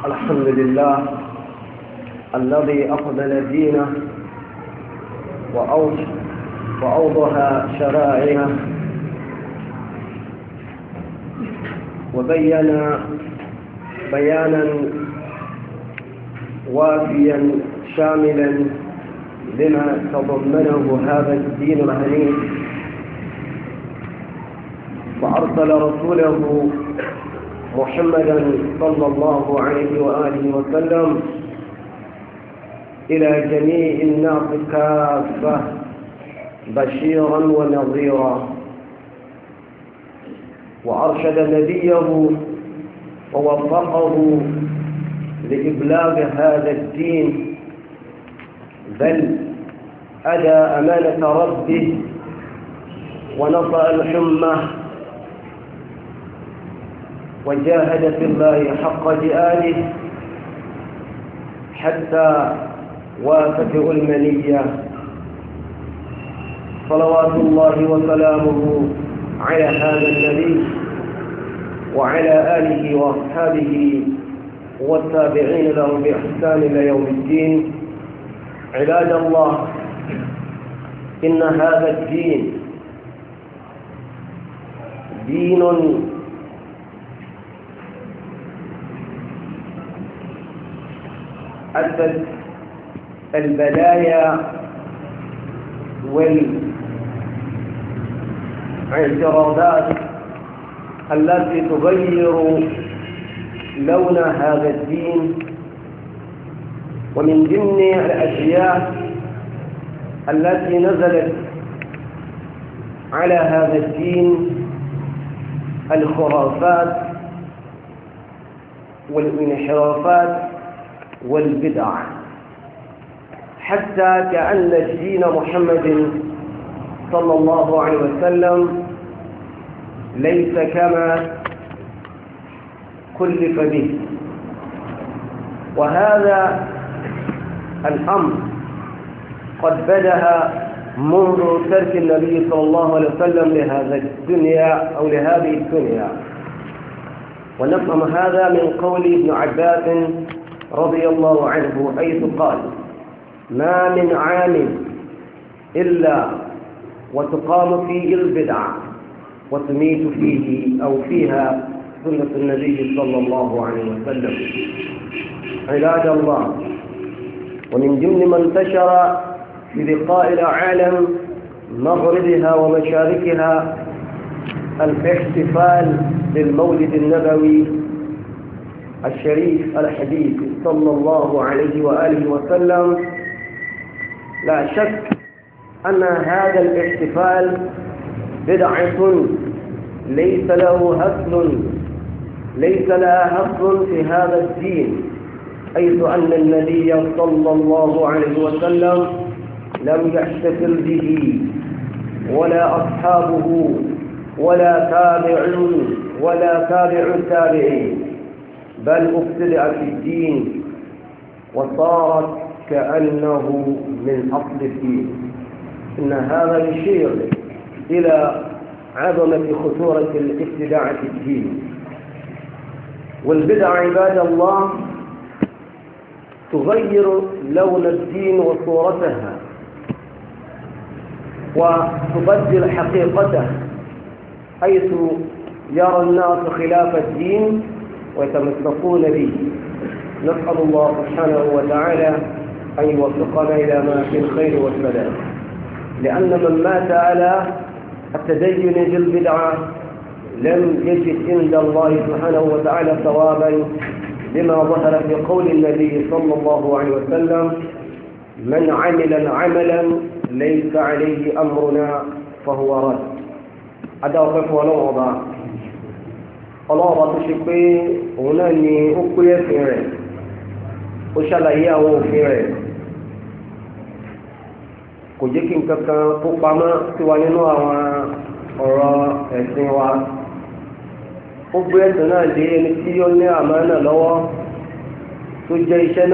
الحمد لله الذي أقبل دينه وأوضح وأوضح شرائعه وبين بيانا وافيا شاملا لما تضمنه هذا الدين العليم وأرسل رسوله محمدا صلى الله عليه وآله وسلم إلى جميع الناس كافة بشيرا ونظيرا وأرشد نبيه ووفقه لإبلاغ هذا الدين بل أدى أمانة ربه ونصأ الحمة وجاهد في الله حق جهاده حتى وافته المنية صلوات الله وسلامه على هذا النبي وعلى آله وأصحابه والتابعين لهم بإحسان إلى يوم الدين عباد الله إن هذا الدين دين أدت البلايا والاعتراضات التي تغير لون هذا الدين ومن ضمن الأشياء التي نزلت على هذا الدين الخرافات والانحرافات والبدع حتى كأن دين محمد صلى الله عليه وسلم ليس كما كلف به وهذا الأمر قد بدأ منذ ترك النبي صلى الله عليه وسلم لهذا الدنيا أو لهذه الدنيا ونفهم هذا من قول ابن عباس رضي الله عنه حيث قال ما من عام إلا وتقام فيه البدع وتميت فيه أو فيها سنة النبي صلى الله عليه وسلم عباد الله ومن ضمن ما انتشر في لقاء العالم مغربها ومشاركها الاحتفال بالمولد النبوي الشريف الحديث صلى الله عليه وآله وسلم لا شك أن هذا الاحتفال بدعة ليس له هفل ليس لها هفل في هذا الدين حيث أن النبي صلى الله عليه وسلم لم يحتفل به ولا أصحابه ولا تابع ولا تابع التابعين بل ابتدع في الدين وصارت كأنه من أصل الدين إن هذا يشير إلى عظمة خطورة الابتداع في الدين والبدع عباد الله تغير لون الدين وصورتها وتبدل حقيقته حيث يرى الناس خلاف الدين ويتمسكون به نسأل الله سبحانه وتعالى أن يوفقنا إلى ما في الخير والسلام لأن من مات على التدين بالبدعة لم يجد عند الله سبحانه وتعالى ثوابا لما ظهر في قول النبي صلى الله عليه وسلم من عمل عملا ليس عليه أمرنا فهو رد أدعو وقف ولو وضع ọlọ́ọ̀bá tó ṣe pé òun náà ni ó pé ẹ̀sìn rẹ̀ ó ṣàlàyé àwọn òfin rẹ̀ kò jẹ́ kí nǹkan kan kó pamọ́ sí wa nínú àwọn ọ̀rọ̀ ẹ̀sìn wa ó gbé ẹ̀sìn náà lé ẹni tí ó ní lọ́wọ́ tó jẹ́ iṣẹ́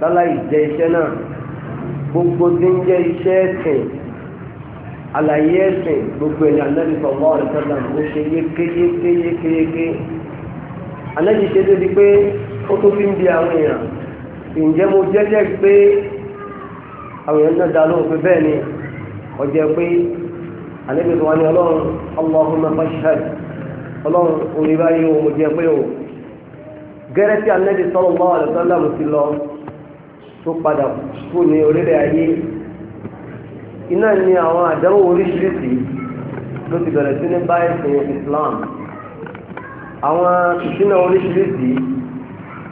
láláì jẹ iṣẹ́ náà gbogbo tí ń jẹ iṣẹ́ ẹ̀sìn àlàyé ẹ̀sìn gbogbo ẹ̀yà anábì sọ̀rọ̀ ọ̀rẹ́sọ̀lá ó ṣe yékéyékéyékéyéké anábì ṣe débi pé ó tó fi ń bi àwọn èèyàn ǹjẹ́ mo jẹ́jẹ́ pé àwọn èèyàn náà dá lóhùn pé bẹ́ẹ̀ ni ọjọ́ pé anábì sọ̀rọ̀ ni ọlọ́run Allahumma fashhad ọlọ́run orí báyìí o mo jẹ́ pé o gẹ́rẹ́ tí anábì sọ̀rọ̀ ọ̀rẹ́sọ̀lá mo ti lọ tó padà kú ní orílẹ̀ ayé iná ni àwọn àdánwò oríṣiríṣi ló ti bẹ̀rẹ̀ sí ní báyìí sin Islam àwọn ìṣúná oríṣiríṣi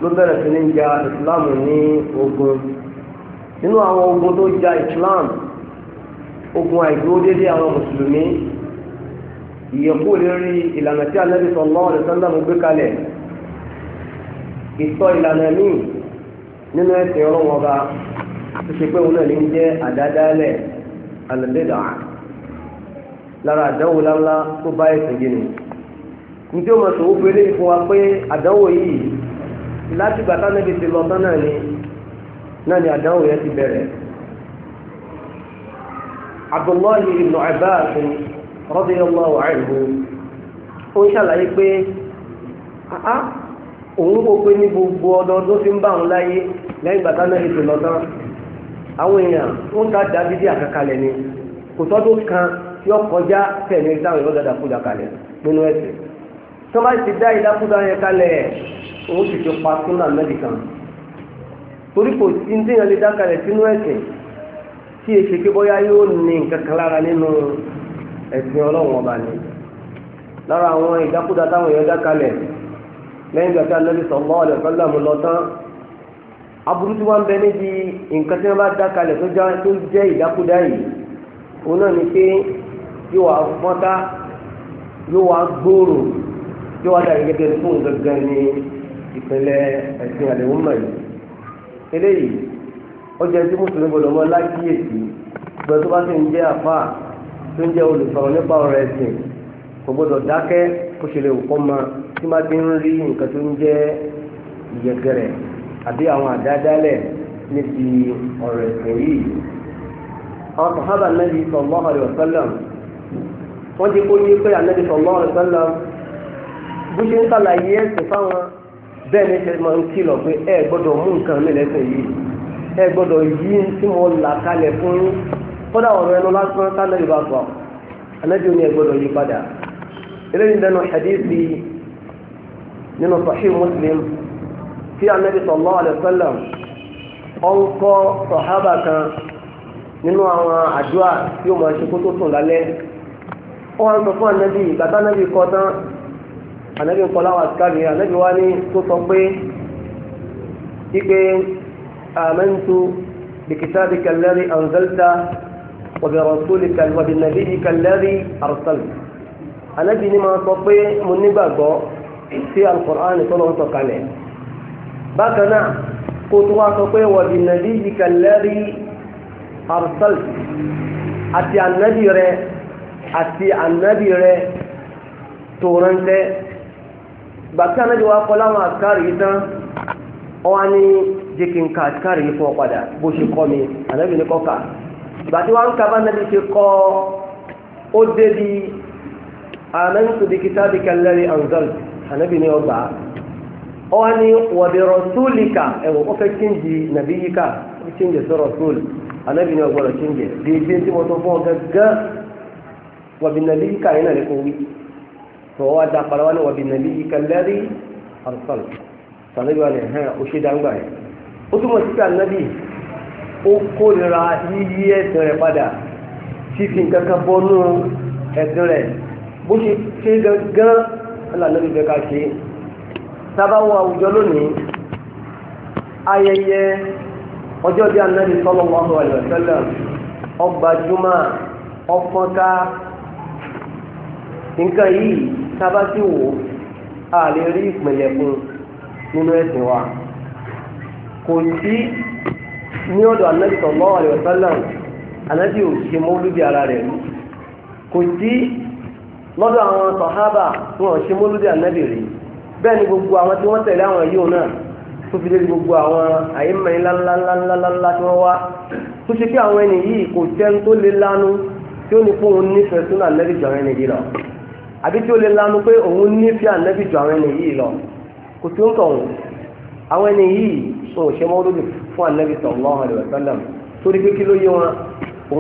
ló bẹ̀rẹ̀ sí ní ja Islam ní ogun nínú àwọn ogun tó ja Islam ogun àìdúró déédéé àwọn mùsùlùmí ìyẹ̀kú lórí ìlànà tí Ànábì sallallahu alaihi wasallam gbé kalẹ̀ ìtọ́ ìlànà míì nínú ẹ̀sìn ọlọ́wọ́ ọba tó ṣe pé òun náà ní jẹ́ àdádálẹ̀ alẹ́dẹ́dà lára àdánwò láńlá tó bá ẹ̀sìn yìí nù njẹ́ o ma sọ wọ́pẹ́ lé fún wa pé àdánwò yìí láti gbàtà níbi ti lọ tán náà ni náà ni àdánwò yẹn ti bẹ̀rẹ̀. Abdullahi ibn Abbas radiyallahu anhu ó ń ṣàlàyé pé òun kò pé ní gbogbo ọdọọdún tí ń bá òun láyé lẹ́yìn bàtà náà ètò lọ́tán àwọn èèyàn ń ta dábídì àkàkalẹ̀ ni kò tọ́dún kan tí ó kọjá tẹ̀lé dáhùn ìwọ́n dáadáa kúdà kalẹ̀ nínú ẹ̀sìn tó bá ti dá yẹn kalẹ̀ òun sì ti pa súnà mẹ́díkà torí kò sí ní téèyàn lè dá sínú ẹ̀sìn tí èsì e pé bóyá yóò ní nǹkan kan lára nínú ẹ̀sìn ọlọ́run ọba ni lára àwọn ìdákúdà táwọn èèyàn lẹ́yìn ìgbà tí anabi sallallahu alaihi wasallam lọ tán aburú tí wọ́n ń bẹ níbi nǹkan tí wọ́n bá dá kalẹ̀ tó jẹ́ ìdákúdá yìí òun náà ni pé yóò wá fọ́nká yóò wá gbòòrò yóò wá dàgbé gẹ́gẹ́ fún gẹ́gẹ́ ní ìpínlẹ̀ ẹ̀sìn àdéhùn mọ̀ yìí eléyìí ó jẹ́ tí mùsùlùmí gbọdọ̀ mọ́ lákìyèsí gbọ́dọ̀ tó bá ti ń jẹ́ àfáà tó ń jẹ́ olùsọ̀rọ̀ nípa ọ̀rọ̀ ẹ̀sìn kò gbọdọ̀ dákẹ́ kò ṣe lè wù kọ́ ma tí má ti ń rí nǹkan tó ń jẹ́ ìyẹ̀gẹ̀rẹ̀ àbí àwọn àdádálẹ̀ níbi ọ̀rọ̀ ẹ̀sìn yìí àwọn sàhábà nàbì sallallahu alaihi wasallam wọ́n ti kó ní pé ànábì sallallahu alaihi wasallam bó ṣe ń sàlàyé ẹ̀sìn fáwọn bẹ́ẹ̀ ni ṣe máa ń kìlọ̀ pé ẹ gbọ́dọ̀ mú nǹkan mi yìí ẹ gbọ́dọ̀ yí tí mo là kalẹ̀ fún eléyìí dẹnu hadithi nínú sahih muslim tí anabi sallallahu alayhi wa sallam ọ̀n kọ́ sọ̀hábà kan nínú àwọn àdúrà tí ó máa ṣe kó tó sùn lálẹ́ ó wá ń sọ fún anabi bàtà anabi kọ́ tán anabi ń kọ́ láwọn àtikáàdì anabi wá ní tó sọ pé ipe amantu bikitabika alladhi anzalta wa bi rasulika wa bi nabiyyika alladhi arsalta anabi ni máa sọ pé mo nígbàgbọ́ sí alukur'an tó lọ́n sọ̀kalẹ̀ bákan náà kó tó wá sọ pé wàbí nàbí ìkàlẹ́rì arsal àti anabi rẹ àti anabi rẹ tó rántẹ́ gbàtí anabi wa kọ́ láwọn àkárì yìí tán wọ́n á ní jikin ka kari ní fún ọ padà bó ṣe kọ́ mi anabi ní kọ́ ka gbàtí wọ́n kaba anabi ṣe kọ́ ó débi amantu bi kitabika alladhi anzal ànábì ni ọgbà ọwọ́ ni wọ̀dẹ̀ rọ̀súlìkà ẹ̀wọ̀n ó fẹ́ kíńjì nàbí yíká ó kíńjì sí rọ̀súlì ànábì ni ọgbọ̀rọ̀ kíńjì dèjé tí mo tó fún ọ gángan wọ̀bì nàbí yíká yìí nàlẹ́ kò wí tọ́ wá da padà wá ní wọ̀bì nàbí yíká lẹ́rí arsal sàlẹ́bí wa ni hàn ó ṣe dáńgbà yẹn ó túmọ̀ sí pé ànábì ó kórira yíyí ẹ̀sìn rẹ̀ padà fífi nǹkan kan bọ́nú ẹ̀sìn rẹ̀ bó ṣe gangan alàlẹ́bí bẹ́ẹ̀ ká ṣe sábàwọ àwùjọ lónìí ayẹyẹ ọjọ́ bí Ànábì sallallahu alaihi wasallam ọgbà nǹkan yìí sábà sí wò á lè rí ìpìlẹ̀ fún nínú ẹ̀sìn wa kò sí ní ọ̀dọ̀ Ànábì sallallahu alaihi wasallam Ànábì ò ṣe mọ́lúdì ara rẹ̀ kò sí lọ́dọ̀ àwọn sọ̀hábà tí wọ́n ṣe mọ́lúdì ànábì rí bẹ́ẹ̀ ni gbogbo àwọn tí wọ́n tẹ̀lé àwọn yóò náà tó fi lérí gbogbo àwọn àyèmọ̀ ńláńláńláńlá tí wọ́n wá tó ṣe pé àwọn ẹni yìí kò jẹ́ tó lé lánú tí ó ní pé òun nífẹ̀ẹ́ sún ànábì jù àwọn ẹni yìí lọ àbí tí ó lé lánú pé òun nífẹ̀ẹ́ ànábì jù àwọn ẹni yìí lọ kò tí ó ń tọ̀ wọn àwọn ẹni yìí wọn ò ṣe mọ́lúdì fún ànábì sallallahu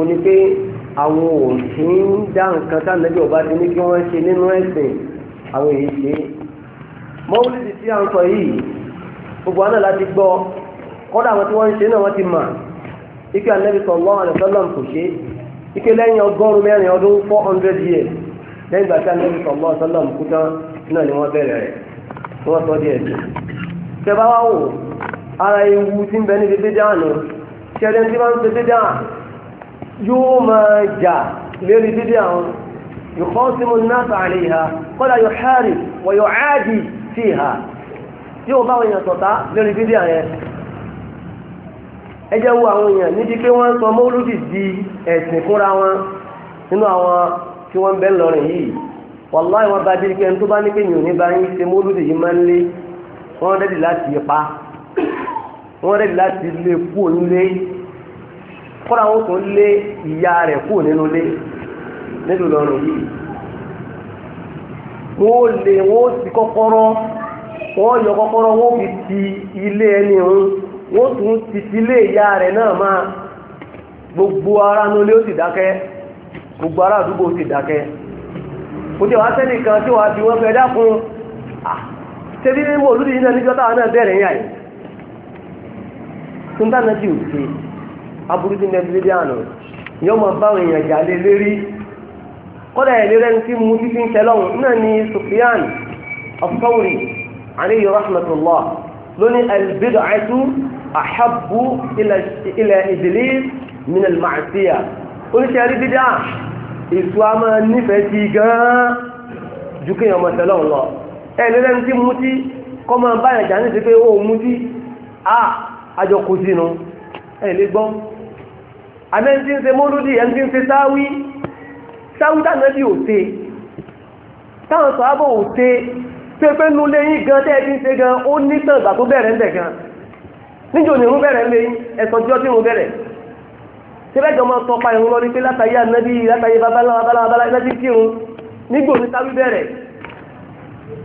alaihi àwọn òfin ń dá nǹkan tá ọba ti ní kí wọ́n ṣe nínú ẹ̀sìn àwọn èyí ṣe mọ́wúlìdì tí a ń sọ yìí gbogbo àná láti gbọ́ kọ́dà àwọn tí wọ́n ń ṣe náà wọ́n ike anabi sallallahu alaihi kò ṣe ike lẹ́yìn ọgọ́rùn mẹ́rin ọdún four hundred years lẹ́yìn ìgbà anabi sallallahu alaihi kú tán náà ni wọ́n bẹ̀rẹ̀ rẹ̀ tí wọ́n sọ díẹ̀ sí. wò ara ewu tí ń bẹ níbi dídá yóò máa jà lérí dídí àwọn yukhasimu an-nas 'alayha kọ́dà yóò hárì wa yu'adi fiha yóò bá àwọn èèyàn ṣọ̀tá lérí dídí àyẹn ẹ jẹ́ wo àwọn èèyàn níbi pé wọ́n ń sọ mọ́lúdì di ẹ̀sìn fúnra wọn nínú àwọn tí wọ́n ń lọ́rìn yìí wàláì wọn bá dé kí ẹni tó bá ní pé yìnyín bá yín ṣe mọ́lúdì yìí máa ń lé wọ́n rẹ́dì láti pa wọ́n rẹ́dì láti lé kú òun lé kọ́ra wọn tó lé ìyá rẹ̀ kú nínú lé nílùú lọ́rùn yìí wọ́n lè wọ́n ti kọ́kọ́rọ́ wọ́n yọ kọ́kọ́rọ́ wọ́n fi ti ilé ẹni òun wọ́n tún ti ti lé ìyá rẹ̀ náà ma gbogbo ara nílé ó sì dákẹ́ gbogbo ara àdúgbò ó sì dákẹ́ kò kan tí wàá fi wọ́n fẹ́ dákun náà bẹ̀rẹ̀ aburú ti nẹ́bí lédè àná yóò máa bá àwọn èèyàn jà lé lérí kọ́dà ẹ̀lẹ́ rẹ̀ ń tí mu títí ń tẹ́lọ́hùn náà ni Sufyan as-Sawri alayhi rahmatullah lóní al-bid'atu ahabbu ila Iblis min al-ma'siyah oníṣẹ́ rí bídà èso a máa nífẹ̀ẹ́ sí gan-an ju kéèyàn máa tẹ́lọ́hùn lọ ẹ̀lẹ́ ń tí mu tí kọ́ máa báyàn jà ní ti pé ó mu tí àjọ ah, kò sínú ẹ̀lẹ́ àmẹ́ ń tí ń ṣe mọ́lódì ẹ̀ ń tí ń ṣe sáwí sáwí tánàbí ò ṣe táwọn sọ́ábọ̀ ò ṣe pé pé nú léyìn gan tẹ́ ẹ ti ń ṣe gan ó ní tàn ìgbà tó bẹ̀rẹ̀ ń bẹ̀ gan níjò ní irun bẹ̀rẹ̀ ń léyìn ẹ̀sọ́ tí ó ti irun bẹ̀rẹ̀ ṣé bẹ́ẹ̀ gan máa sọ pa irun lọ ní pé látàyé ànábì látàyé babaláwa babaláwa láti kírun nígbò ní sáwí bẹ̀rẹ̀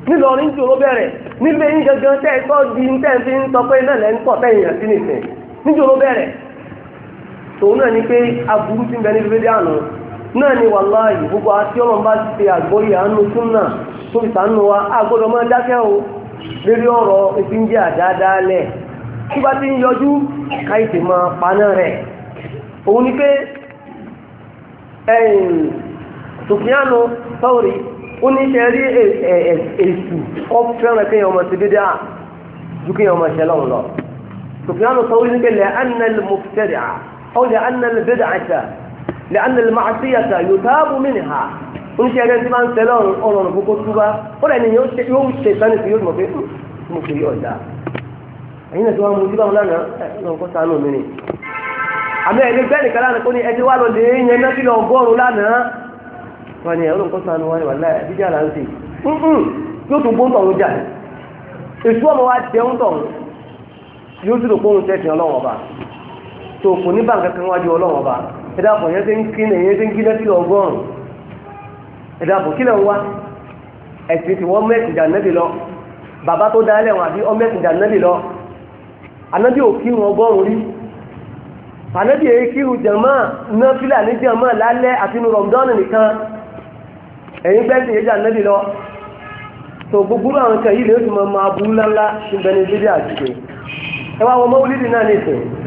nílọrin jòrò bẹ̀rẹ̀ nílé yín gangan tẹ́ ẹ sọ́ di tẹ́ ẹ fi ń sọ pé náà lẹ́ ń pọ̀ tẹ́yìn àti nìsín níjòrò bẹ̀rẹ̀ tòun náà ni pé aburú ti ń bẹ ní bíbélì àná náà ni wàláhì gbogbo àti ọlọ́run bá ti ṣe àgbọ́yé àánú tún náà tó fi sànú wa agbọ́dọ̀ máa dákẹ́ o lórí ọ̀rọ̀ etí ń jẹ́ àdáadáalẹ̀ tí bá ti ń yọjú káyìtì máa paná rẹ̀ òun ni pé Sùfìyánù sọ́ọ̀rì ó ní ṣe rí èsù ọ fẹ́ràn kéèyàn ọmọ ti dédé à ju kéèyàn ọmọ ṣẹlẹ̀ òun lọ Sùfìyánù sọ́ọ̀rì ní pé lẹ́ أو لأن البدعة لأن المعصية يتاب منها ń ṣe ẹgbẹ́ tí máa ń tẹ̀lé ọ̀rọ̀ gbogbo túbá ó rẹ̀ nìyẹn yóò ṣe sani tí yóò mọ̀ pé mo kì í ọ̀dà ẹ̀yin náà tí wọ́n mú ojú báwọn lánàá lọ́n kó sànù mi ni. àmì ẹ̀rí bẹ́ẹ̀ nìkan lánàá kó ní ẹtí wà lóde yẹn náà kí lọ ọgọ́rùn-ún lánàá wọn ni ọlọ́n kó sànù wọn ni wà láyà jíjà là ń sè yóò tún gbóhùn tọ̀hún jà èso ọmọ wa jẹun tọ̀hún yóò tún lò gbóhùn tẹ̀sán ọlọ́wọ́n ọba so kò ní bàǹkà kan wájú ọlọ́run ọba ẹ̀dá kò yẹn ti ń kí ẹ̀yẹ ti ń kí lẹ́sí ọgọ́rùn-ún ẹ̀dá kò kílẹ̀ ń wá ẹ̀sìn tí wọ́n mẹ́sìn dà nẹ́bì lọ bàbá tó dá ẹlẹ́wọ̀n àbí ọ mẹ́sìn dà nẹ́bì lọ anábì ò ọgọ́rùn-ún rí anábì èyí kírun jàmá náà fílà ní jàmá lálẹ́ àti nu rọ̀mdọ́nù nìkan ẹ̀yìn so gbogbo àwọn kan yìí lè tún máa burú ńláńlá níbẹ̀ ní bíbí àdúgbò ẹ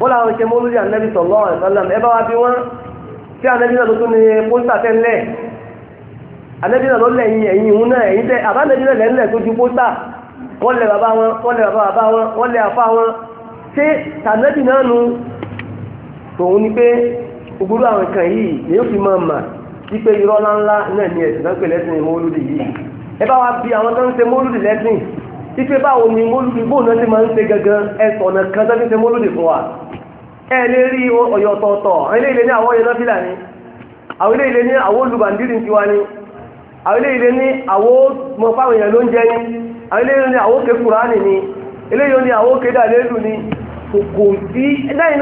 bọ́lá àwọn ṣe mọ́lúdì ànábì sallallahu alaihi wasallam ẹ bá wa bí wọ́n tí ànábì náà ló tún ní pósítà tẹ́lẹ̀ ànábì náà ló lẹ́yìn ẹ̀yìn ìhun náà ẹ̀yìn tẹ́ àbá ànábì náà lẹ́ńlẹ̀ tó ju pósítà wọ́n lẹ bàbá wọn wọ́n lẹ bàbá bàbá wọn wọ́n lẹ àfa wọn ṣé tànábì náà nu tòun ni pé ògbúrú àwọn kan yìí ni yóò fi máa mà wípé irọ́ ńláńlá náà ni ẹ̀sìn náà pè lẹ́sìn mọ́lúdì yìí ẹ bá wa bí àwọn tó ń ṣe mọ́lúdì lẹ́sìn ipe báwo ni mólúdì bóun náà ti máa ń ṣe gangan ẹsọ̀ ọ̀nà kan tó fi ṣe wa ẹ lè rí ọ̀yọ̀ ọ̀tọ̀ọ̀tọ̀ àwọn ilé ilé ní àwọn ọ̀yọ̀ náà fìlà ni àwọn ilé ilé ní àwọn olùbàndìrì ti wa ni àwọn ilé ilé ní àwọn mọ̀fáwọn èèyàn ló ń jẹ́ àwọn ilé ilé ní àwọn òkè ni ilé yóò ní àwọn òkè dàlélù ni kò sí lẹ́yìn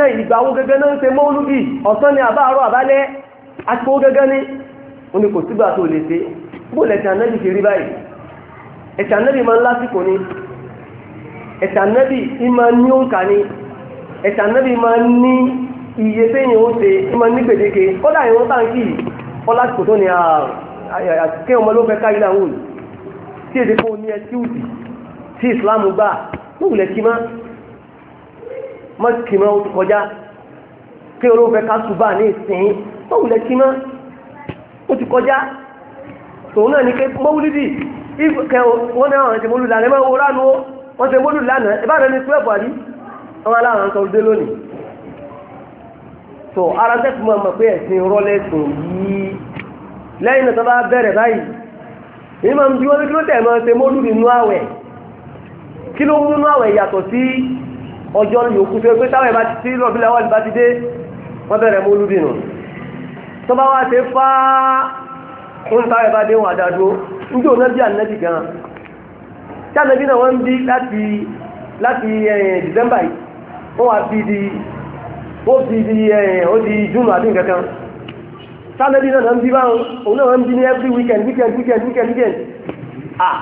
náà ìgbà ẹ̀sẹ̀ ànábì máa ń lásìkò ni ẹ̀sẹ̀ ànábì máa ní òǹkà ni ẹ̀sẹ̀ ànábì máa ní iye sẹ́yìn ó ṣe máa ní gbèdéke kódà ìwọ́n táǹkì ọ lásìkò tó ní àkẹ́wọ̀n ọmọ ló fẹ́ ká ilé àwọn òní tí èdè fún ní ẹtí òdì tí ìsìláàmù gbà tó wùlẹ̀ kí má má kì má ó ti kọjá kí olóhùn fẹ́ ká tùbà ní ìsìn tó wùlẹ̀ má ó kọjá tòun náà ní pé mọ́wúlídì wọ́n náà wọ́n ti mọ́lù lánàá ẹgbẹ́ owó ránú wọ́n ti mọ́lù lánàá ìbára ní twelve àbí àwọn aláàrán sọ dé lónìí tó ara tẹ́tù máa mọ̀ pé ẹ̀sìn rọ́lẹ́sìn yìí lẹ́yìn tó bá bẹ̀rẹ̀ báyìí èyí máa ń bí wọ́n ní kí ló tẹ̀ máa ṣe mọ́lù nínú àwẹ̀ kí ló mú nínú àwẹ̀ yàtọ̀ sí ọjọ́ yòókù Ndị òun náà bí gan tí ànábì na lati, láti láti eh, December yìí fi di ó bi di eh, ó di June àti nǹkan kan tí ànábì na ń bi báwọn òun náà ní every weekend weekend weekend weekend weekend ah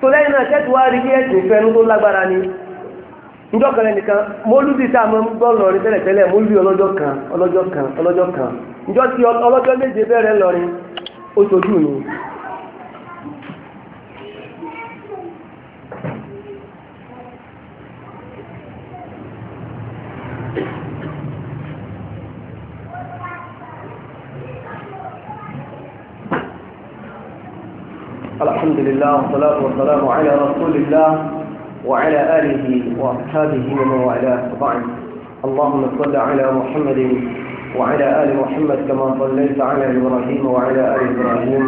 tó lẹ́yìn náà tẹ́tù wá rí bí ẹ̀sìn ìfẹ́ lágbára ni njọkẹlẹ nìkan mọlúdi tá a máa ń lọrin tẹ́lẹ̀tẹ́lẹ̀ mọlúdi ọlọ́jọ́ kan ọlọ́jọ́ kan ọlọ́jọ́ kan njọ ti ọlọ́jọ́ méje lọrin ni الحمد لله والصلاة والسلام على رسول الله وعلى آله وأصحابه ومن والاه طبعا اللهم صل على محمد وعلى آل محمد كما صليت على إبراهيم وعلى آل إبراهيم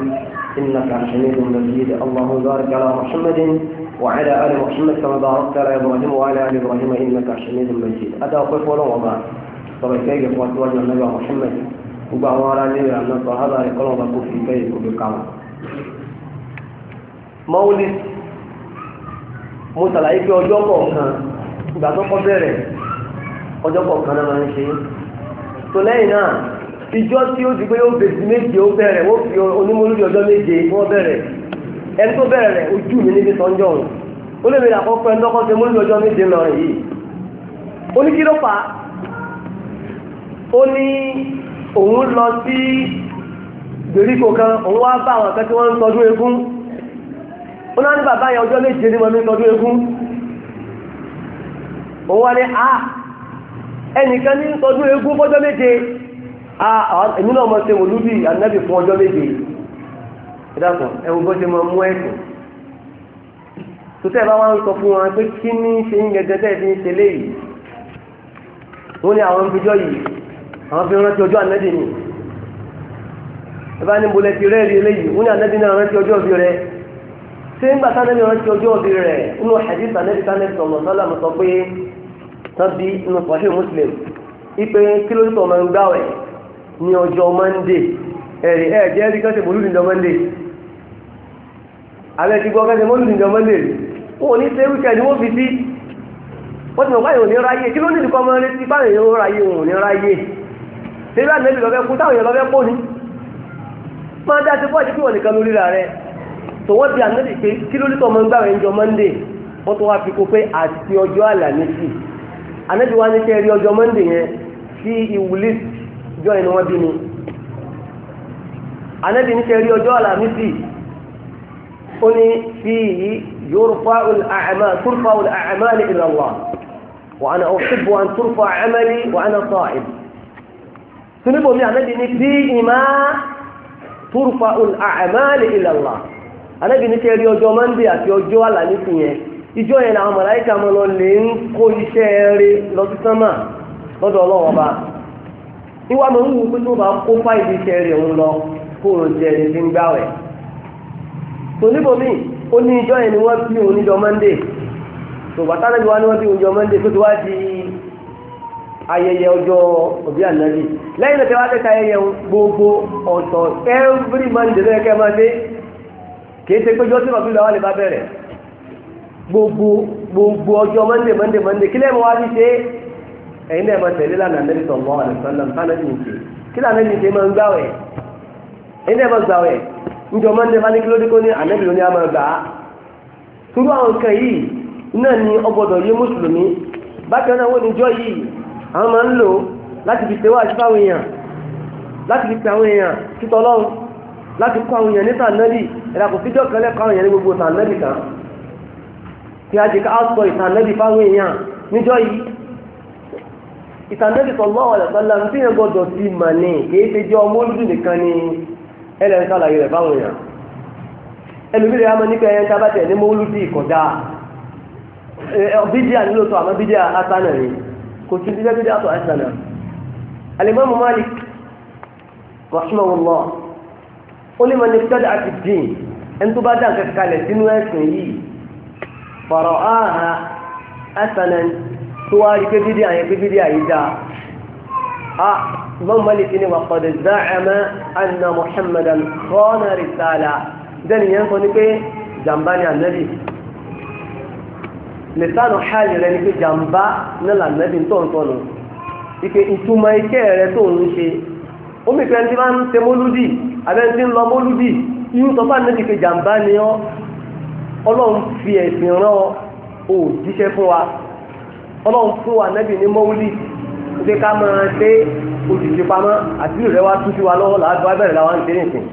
إنك حميد مجيد اللهم بارك على محمد وعلى آل محمد كما باركت على إبراهيم وعلى آل إبراهيم إنك حميد مجيد هذا أقف ولو وما طريقي يقوى سواج النبي محمد وبعوارا لي أن الصحابة يقولون بكفر كيف بكعوة maulid mo ṣàlàyé pé ọjọ́ kọ̀ọ̀kan ìgbà tó kọ́ bẹ̀rẹ̀ ọjọ́ kọ̀ọ̀kan náà ń ṣe tó lẹ́yìn náà ìjọ tí ó ti pé ó bèsì méje ó bẹ̀rẹ̀ ó fi onímọ̀lúdì ọjọ́ méje wọ́n bẹ̀rẹ̀ ẹni tó bẹ̀rẹ̀ rẹ̀ ojú mi níbi sọ́njọ́ òun ó lè bèrè àkọ́kọ́ ẹni tọ́kọ́ ṣe mọ́lúdì ọjọ́ méje lọ rẹ̀ yìí ó ní lọ sí gbèríko kan ó náà ní bàbá yẹn ọjọ́ méje ní mọ̀mí tọdún egún òun wá ní a ah, ẹnìkan ní tọdún egún fọjọ́ méje a ah, ah, èmi náà mọ̀ ṣe wòlúbì ànábì fún ọjọ́ méje ìdàpọ̀ ẹ̀wọ̀n bó ṣe mọ̀ mú ẹ̀sìn tòtẹ́ bá wá ń sọ fún wọn pé kí ní ṣe ń gẹ́gẹ́ tẹ́ fi ń ṣe léyìí wọ́n ní àwọn ìfijọ́ yìí àwọn fi rántí ọjọ́ ànábì ni ẹ bá ní bolẹ́ ti rẹ́ẹ̀rí eléyìí wọ́n ní ànábì náà rántí ọjọ́ òbí rẹ̀ ṣé ń gbàtà nẹ́bí rántí ọjọọ òbí rẹ̀ nínú hadith anẹ́bí sanẹ́bí sọ̀rọ̀ sọ́lá mo sọ pé tán bí inú sọ̀hìn muslim ipe kílódítọ̀ ọmọ ń gbáwẹ̀ ní ọjọ́ monday ẹ̀rì ẹ̀ jẹ́ rí kẹ́sẹ̀ mọ́lúdì ìjọ monday alẹ́ ti gbọ́ kẹ́sẹ̀ mọ́lúdì ìjọ monday wọn ò ní ṣe wíkẹ́ndì wọ́n fi sí wọ́n ti mọ̀ báyìí ò ní ráyè kí ló ní ìdíkọ́ ọmọ rẹ tó wọ́n bí ànábì pé kí ló lítọ́ ọmọ ń gbàwẹ̀ ẹjọ́ monday wọ́n tó wá fi kó pé àti ọjọ́ àlàmísì ànábì wá ní kẹ́ rí ọjọ́ monday yẹn sí ìwúlí jọ ìnú wọn bí ni ànábì ní kẹ́ rí ọjọ́ àlàmísì ó ní fi yìí يرفع الأعمال ترفع الأعمال إلى الله وأنا أحب أن ترفع عملي وأنا صائم سنبو يعني بني فيما ترفع الأعمال إلى الله anábì ní kẹrí ọjọ́ mọ́ndé àti ọjọ́ àlànífì yẹn ìjọ yẹn làwọn màláíkà mọ́ lọ lè ń kó iṣẹ́ rẹ lọ sí sánmà lọ́dọ̀ ọlọ́wọ́ bá níwá mọ̀ ń wù pé tí wọ́n bá kó fáìlì iṣẹ́ rẹ̀ ń lọ kó o jẹ ẹni tí ń gbá rẹ̀ tó níbòmí ó ní ìjọ yẹn ni wọ́n bí òun níjọ mọ́ndé tó bàtà náà bí wọ́n ní òun níjọ mọ́ndé tó ti wá di ayẹyẹ ọjọ́ òbí lẹ́yìn kìí ṣe péjọ tí rọ̀bí lọ́wọ́ lè bá bẹ̀rẹ̀ gbogbo gbogbo ọjọ́ mọ́ndé mọ́ndé mọ́ndé kílẹ̀ mọ́ wá ní ṣe ẹ̀yin náà máa tẹ̀lé lánàá nẹ́bí sọ̀mọ́ àlùfáàlàm fánàbí ń ṣe kílẹ̀ ànẹ́bí ṣe máa ń gbàwẹ̀ ẹ̀yin náà máa gbàwẹ̀ njọ mọ́ndé bá kí ló dé kó ní gbà á turu àwọn nǹkan yìí náà ni ọgbọ́dọ̀ yé mùsùlùmí bákan lati ẹ̀dá kò fíjọ́ kan lẹ́kọ̀ọ́ yẹn ní gbogbo ìtàn kan kí a jẹ ká sọ ìtàn lẹ́bì fáwọn èèyàn níjọ́ yìí ìtàn lẹ́bì sallallahu alaihi tí yẹn gbọ́dọ̀ sí mà ní ṣe ọmọ olùdù nìkan ni sàlàyé rẹ̀ fáwọn èèyàn ẹlòmí rẹ̀ á mọ nípa ẹyẹ bá tẹ̀ ní mọ ìkọjá bídíà nílò tó àmọ́ bídíà asánà ni kò sí bídíà bídíà tó asánà Al-Imam ó ní ní ẹni tó bá dá nǹkan kalẹ̀ sínú ẹ̀sìn yìí fọ̀rọ̀ áhà ẹ̀sánẹ̀ tó wá rí pé bídí àyẹ̀ pé bídí àyè dáa a Imam Malik ni wà qad za'ama anna Muhammadan khana risala dẹ́ni yẹn kọ́ ni pé jàmbá ni ànábì lẹ́sánù hàlì rẹ ni pé jàmbá nílà ànábì tó ike ìtumọ̀ iṣẹ́ rẹ tó ń ṣe ó mìíràn tí ń ṣe mólúdì àbẹ́ntí ń lọ mólúdì irú tó bá níbi kejì àǹbá ni ọ́ ọlọ́run fi ẹ̀sìn rán ọ ò jíṣẹ́ fún wa ọlọ́run fún wa nẹ́bì ní mọ́wúlì pé ká máa dé òjìjì pamọ́ àti ìrẹ́ wa tún sí wa lọ́wọ́ làádọ́ abẹ́rẹ́ làwa ń tẹ́lẹ̀ sìn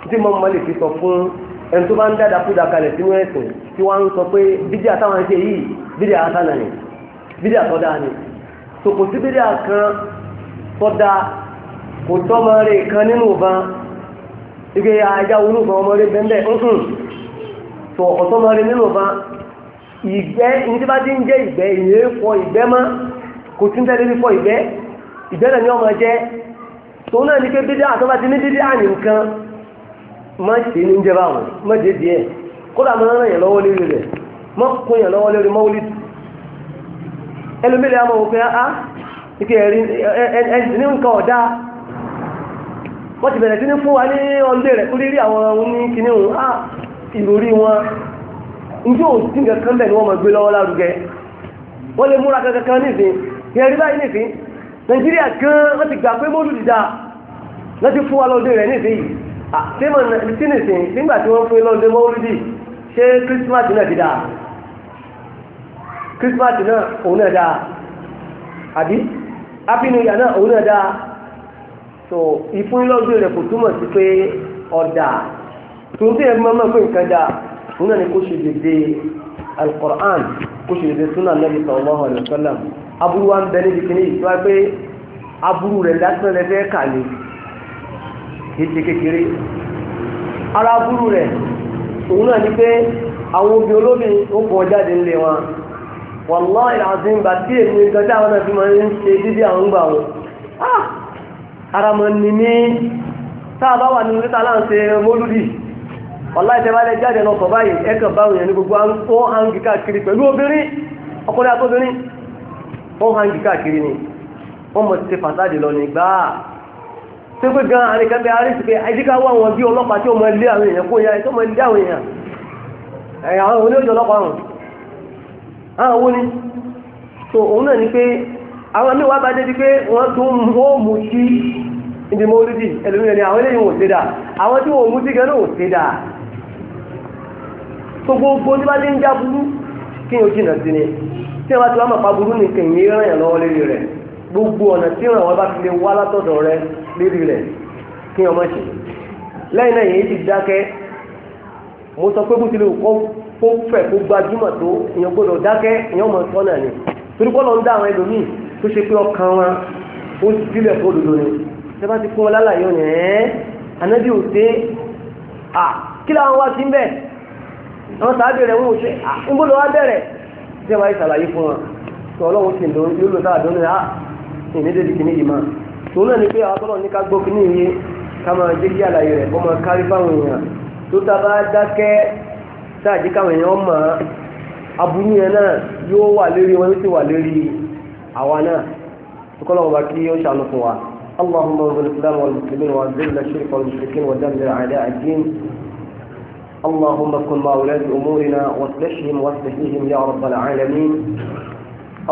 títí mọ́ mọ́ lè fi sọ fún ẹni tó bá ń dáadáa kúdà kalẹ̀ sínú ẹ̀sìn tí wọ́n ń sọ pé bídí àtàwọn ẹ̀ṣẹ̀ yìí bídí àtàlà ni bídí àtọ́dá ni tòkòtí bídí àkan tọ́dá kò tọ́ mọ́ kan nínú ìbọn ike ajá olúfọ̀ ọmọdé bẹ́ẹ̀ ńkùn tó ọ̀tọ́mọdé nínú bá ìgbẹ́ ní tí bá ti ń jẹ́ ìgbẹ́ ìyẹn fọ ìgbẹ́ mọ́ kò tún tẹ́lẹ̀ fífọ ìgbẹ́ ìgbẹ́ náà ni ọmọ jẹ́ tòun náà ní pé bídí àtọ́bá ti ní bídí àní nǹkan má ṣe ní jẹ báwọn má ṣe díẹ̀ kódà mọ́ ràn yàn lọ́wọ́ lórí wọ́n ti bẹ̀rẹ̀ sí ní fún wa ní ọlẹ́ rẹ̀ orí rí àwọn oní kìíní òun á ah, ìròrí wọn njẹ́ ò sí nǹkan kan bẹ̀ ni wọ́n máa gbé lọ́wọ́ lárugẹ wọ́n lè múra kankan kan nísìn yẹn rí báyìí nísìn nàìjíríà gan wọ́n ti gbà pé mọ́lù dìda wọ́n ti fún wa lọ́dẹ rẹ̀ nísìn yìí ah, sí nísìn nígbà tí wọ́n fún lọ́dẹ mọ́lù dì ṣé Christmas náà ti dáa Christmas náà òun náà dáa àbí Happy New Year náà òun náà dáa so ìfúnilọ́gbìn rẹ̀ kò túmọ̀ sí pé ọ̀dà tó ń tẹ̀yẹ̀ máa pé nǹkan dà fún náà ni kó ṣe dédé alukur'an kó ṣe dédé sunnah nabi sallallahu alayhi wa aburú wa ń bẹ níbi kíní yìí tó pé aburú rẹ̀ lásán rẹ̀ fẹ́ kà ní kì kékeré ara aburú rẹ̀ òun náà ni pé àwọn obì olóbìn ó kọ jáde nílé wọn wàláhì àti ìgbà tí èmi nǹkan tí náà fi máa ń ṣe dídí àwọn gbà wọn ah ara mọ̀ ní ní sáàbá wà nínú títà láǹṣẹ́ mólúdì ọ̀lá ìtẹ́bálẹ̀ jáde lọ sọ báyìí ẹkà báwọn èèyàn ní gbogbo ó káàkiri pẹ̀lú obìnrin ọkùnrin àtóbìnrin ó káàkiri ni wọ́n mọ̀ ti fàtàdì lọ ní gbáà tí pé gan àríkẹ́ bí arísì pé àìdíká wà wọn bí ọlọ́pàá tí ó mọ ilé àwọn èèyàn kó ya tó mọ ilé àwọn èèyàn àwọn ọlọ́pàá àwọn àwọn míì wá bá débi pé wọ́n tún ó mú sí ibi mọ́lúdì ẹlòmíràn ni àwọn eléyìí wò ṣe dáa àwọn tí wọ́n mú sí gan náà wò ṣe dáa tó gbogbo tí bá dé ń já burú kí n jìnà sí ni tí wọ́n bá ti wá mọ̀pá burú ní kẹ̀yìn ràn yàn lọ́wọ́ lérí rẹ̀ gbogbo ọ̀nà tí ràn wọ́n bá fi lè wá látọ̀dọ̀ rẹ̀ lérí ni torí kọ́ lọ ń tó ṣe pé ọkàn wa ó ti sílẹ̀ fún òdodo ni ṣé bá ti fún wọn lálàyé ọ̀nà ẹ̀ ànábì ò ṣe à kí làwọn wá sí ń bẹ̀ àwọn sàábì rẹ̀ wọ́n ò ṣe à ń bọ́ lọ wá bẹ̀rẹ̀ ṣé wàá ṣàlàyé fún wọn tó ọlọ́run sì lò yóò lò sáà dún ní à ìní débi kìíní yìí máa tòun náà ni pé àwọn tọ́lọ̀ ní ká gbọ́ kìíní yìí ká máa jẹ́ kí àlàyé rẹ̀ kó máa kárí àwa náà tukọ́lọ́ ọba kí ó ṣàánú fún wa اللهم انزل الاسلام والمسلمين وانزل الشرك والمشركين ودمر اعداء الدين اللهم كن مع ولاة امورنا واصلحهم واصلح بهم يا رب العالمين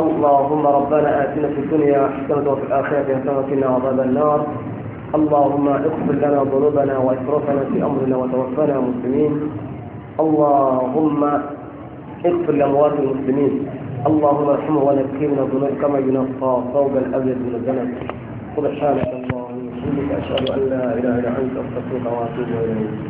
اللهم ربنا اتنا في الدنيا حسنه وفي الاخره حسنه وقنا عذاب النار اللهم اغفر لنا ذنوبنا واسرافنا في امرنا وتوفنا مسلمين اللهم اغفر لاموات المسلمين اللهم ارحمه ونكفيه من الذنوب كما ينقى ثوب الابيض من الذنب سبحانك اللهم وبحمدك اشهد ان لا اله الا انت استغفرك واتوب اليك